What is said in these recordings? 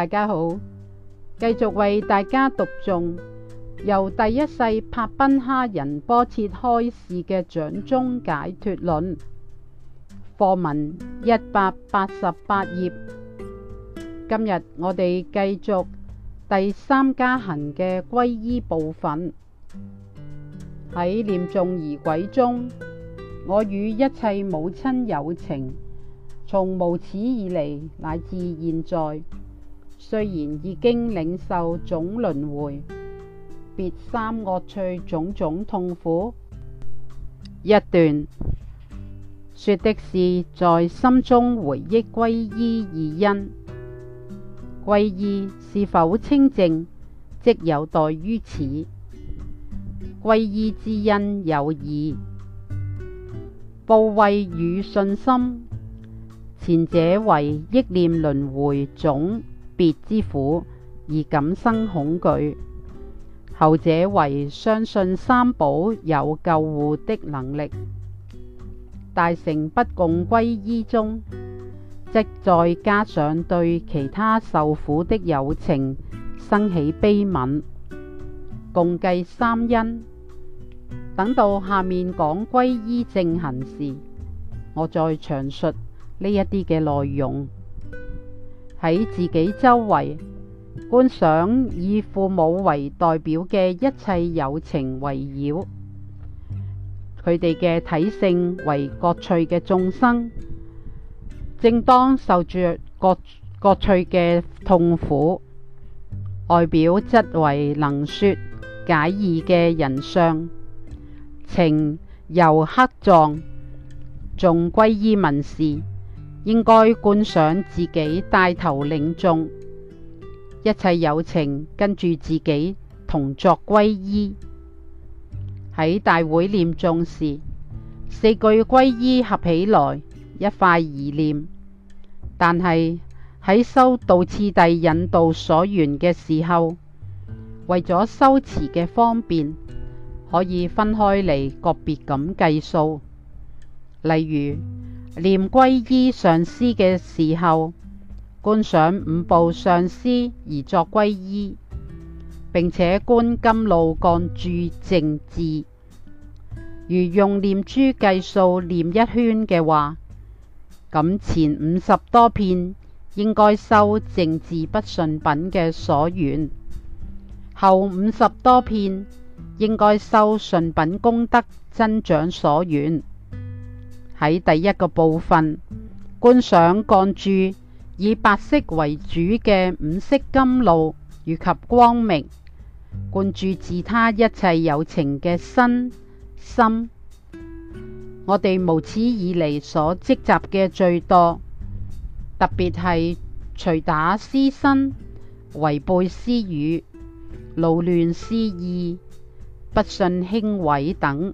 大家好，繼續為大家讀誦由第一世帕賓哈仁波切開示嘅《掌中解脱論》課文一百八十八頁。今日我哋繼續第三加行嘅歸依部分。喺念眾而軌中，我與一切母親有情，從無始以嚟，乃至現在。雖然已經領受總輪回，別三惡趣種種痛苦一段，說的是在心中回憶皈依二因，皈依是否清淨，即有待於此。皈依之因有二：怖畏與信心，前者為憶念輪回總。別之苦而感生恐懼，後者為相信三寶有救護的能力，大乘不共歸依中，即再加上對其他受苦的友情生起悲憫，共計三因。等到下面講歸依正行時，我再詳述呢一啲嘅內容。喺自己周圍觀想，以父母為代表嘅一切友情圍繞佢哋，嘅體性為各趣嘅眾生，正當受住各各趣嘅痛苦，外表則為能説解義嘅人相情由黑狀，仲歸於文氏。應該觀想自己帶頭領眾，一切有情跟住自己同作歸依。喺大會念誦時，四句歸依合起來一塊兒念。但係喺修道次第引導所緣嘅時候，為咗修辭嘅方便，可以分開嚟個別咁計數。例如。念皈依上師嘅時候，觀想五部上師而作皈依，並且觀甘露降注淨治，如用念珠計數念一圈嘅話，咁前五十多遍應該收淨治不順品嘅所願，後五十多遍應該收順品功德增長所願。喺第一個部分，觀想降注以白色為主嘅五色甘露，以及光明，灌注自他一切有情嘅身心。我哋無始以嚟所積集嘅罪多，特別係捶打師身、違背師語、勞亂師意、不信輕毀等。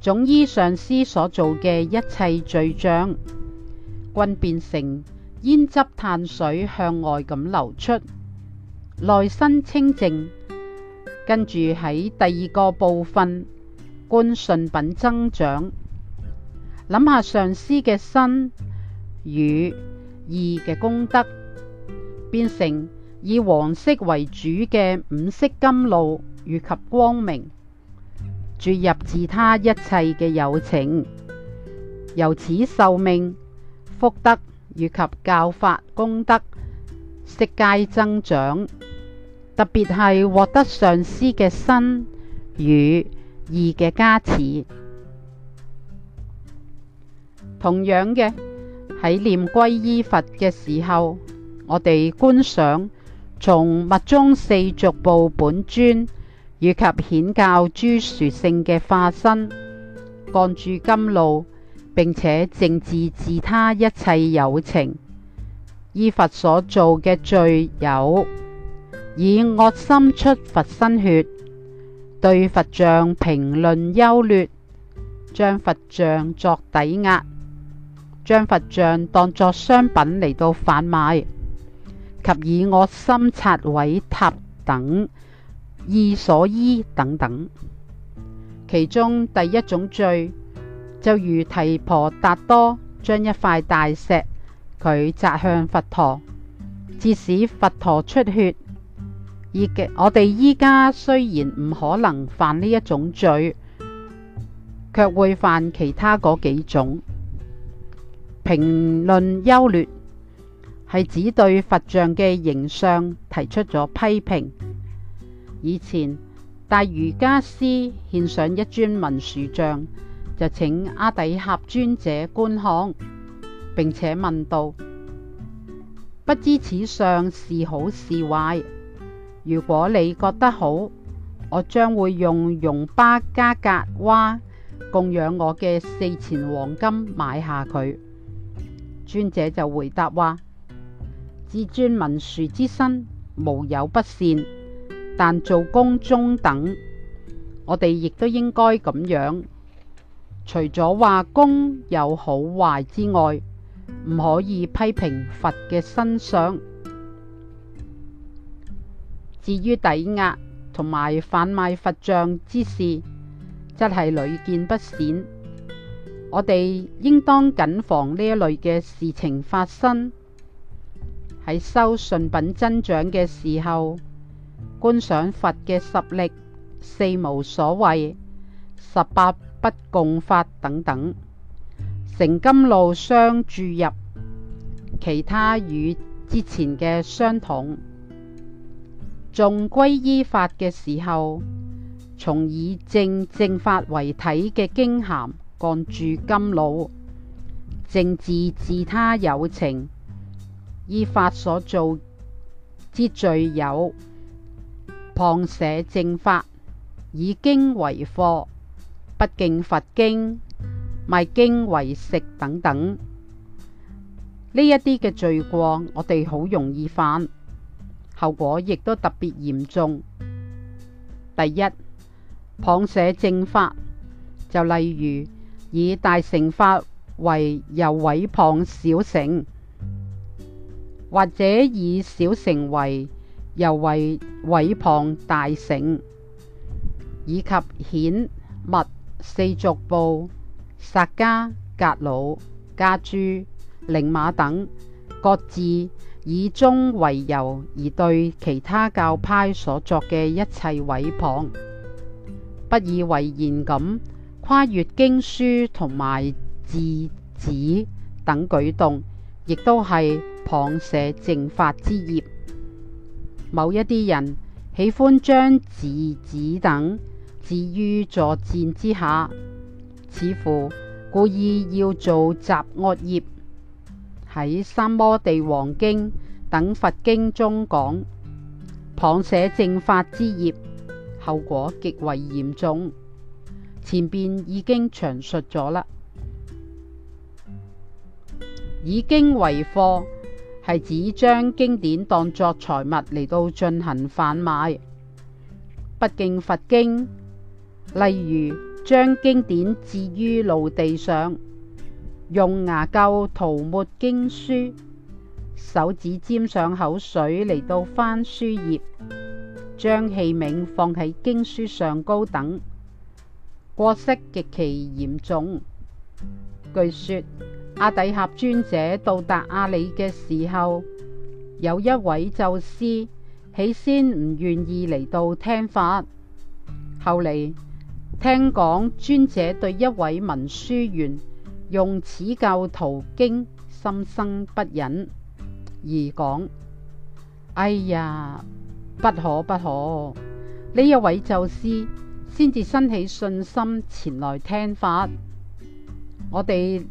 總依上師所做嘅一切罪障，均變成煙汁碳水向外咁流出，內心清淨。跟住喺第二個部分，觀順品增長，諗下上師嘅身、語、意嘅功德，變成以黃色為主嘅五色金露，以及光明。注入自他一切嘅友情，由此壽命福德以及教法功德悉皆增長，特別係獲得上師嘅身語意嘅加持。同樣嘅喺念皈依佛嘅時候，我哋觀賞從密宗四續部本尊。以及顯教諸殊性嘅化身降住甘露，並且淨治自他一切友情，依佛所做嘅罪有，以惡心出佛身血，對佛像評論優劣，將佛像作抵押，將佛像當作商品嚟到販賣，及以惡心拆毀塔等。意所依等等，其中第一種罪就如提婆達多將一塊大石佢砸向佛陀，致使佛陀出血。而我哋依家雖然唔可能犯呢一種罪，卻會犯其他嗰幾種。評論優劣，係指對佛像嘅形象提出咗批評。以前大瑜伽師獻上一尊文殊像，就請阿底峽尊者觀看，並且問道：不知此相是好是壞？如果你覺得好，我將會用絨巴加格哇供養我嘅四錢黃金買下佢。尊者就回答話：自尊文殊之身，無有不善。但做工中等，我哋亦都應該咁樣。除咗話工有好壞之外，唔可以批評佛嘅身上。至於抵押同埋販賣佛像之事，則係屢見不鮮。我哋應當謹防呢一類嘅事情發生。喺收信品增長嘅時候。觀想佛嘅十力、四無所謂、十八不共法等等，成甘露相注入，其他與之前嘅相同。眾歸依法嘅時候，從以正正法為體嘅經函灌注甘露，政治自他有情依法所造之罪有。謗捨正法，以經為貨，不敬佛經，賣經為食等等，呢一啲嘅罪過，我哋好容易犯，後果亦都特別嚴重。第一，謗捨正法，就例如以大乘法為由毀謗小乘，或者以小乘為又為毀謗大乘，以及顯密四族部、薩迦、格魯、嘉珠、寧馬等，各自以宗為由而對其他教派所作嘅一切毀謗，不以為然咁跨越經書同埋字紙等舉動，亦都係謗捨正法之業。某一啲人喜歡將自子等置於作戰之下，似乎故意要做雜惡業。喺《三摩地王經》等佛經中講，謗寫正法之業，後果極為嚴重。前邊已經詳述咗啦，已經違犯。係指將經典當作財物嚟到進行販賣，不敬佛經。例如將經典置於露地上，用牙垢塗抹經書，手指沾上口水嚟到翻書頁，將器皿放喺經書上高等，過失極其嚴重。據說。阿底峽尊者到達阿里嘅時候，有一位宙師，起先唔願意嚟到聽法，後嚟聽講尊者對一位文書員用此教途經，心生不忍而講：哎呀，不可不可！呢一位宙師先至生起信心前來聽法。我哋。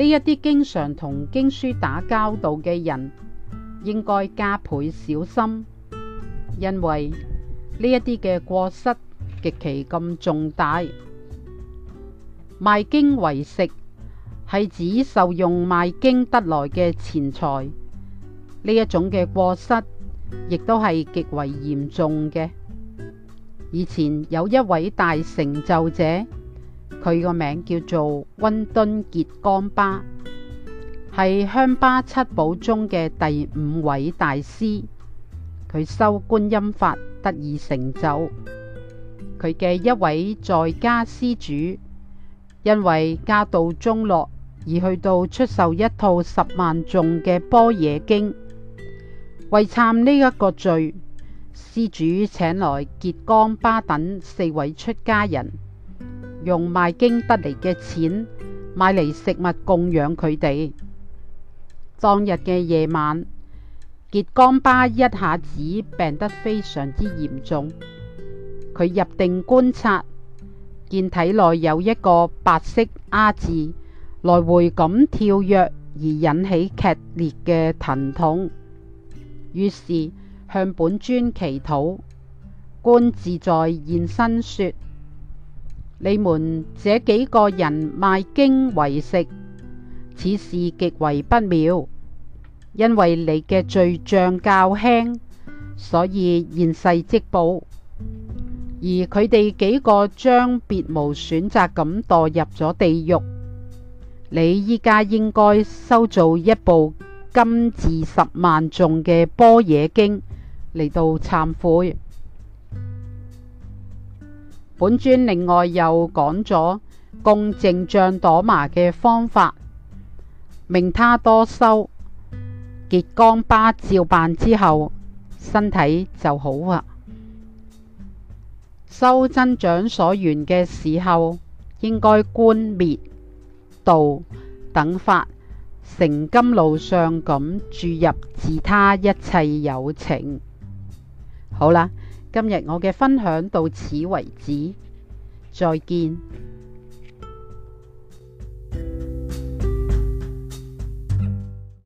呢一啲經常同經書打交道嘅人，應該加倍小心，因為呢一啲嘅過失極其咁重大。賣經為食，係指受用賣經得來嘅錢財，呢一種嘅過失，亦都係極為嚴重嘅。以前有一位大成就者。佢個名叫做溫敦杰江巴，係香巴七寶中嘅第五位大師。佢修觀音法得以成就。佢嘅一位在家施主，因為家道中落，而去到出售一套十萬頌嘅般若經，為懺呢一個罪，施主請來杰江巴等四位出家人。用賣經得嚟嘅錢買嚟食物供養佢哋。當日嘅夜晚，杰岡巴一下子病得非常之嚴重。佢入定觀察，見體內有一個白色阿字來回咁跳躍，而引起劇烈嘅疼痛。於是向本尊祈禱，觀自在現身說。你們這幾個人賣經為食，此事極為不妙。因為你嘅罪障較輕，所以現世即報。而佢哋幾個將別無選擇咁墮入咗地獄。你依家應該修造一部金字十萬眾嘅般若經嚟到懺悔。本尊另外又講咗共正像躲麻嘅方法，命他多修。傑剛巴照辦之後，身體就好啦，啊。修真掌所願嘅時候，應該觀滅道等法，成甘露相咁注入自他一切有情。好啦。今日我嘅分享到此為止，再見。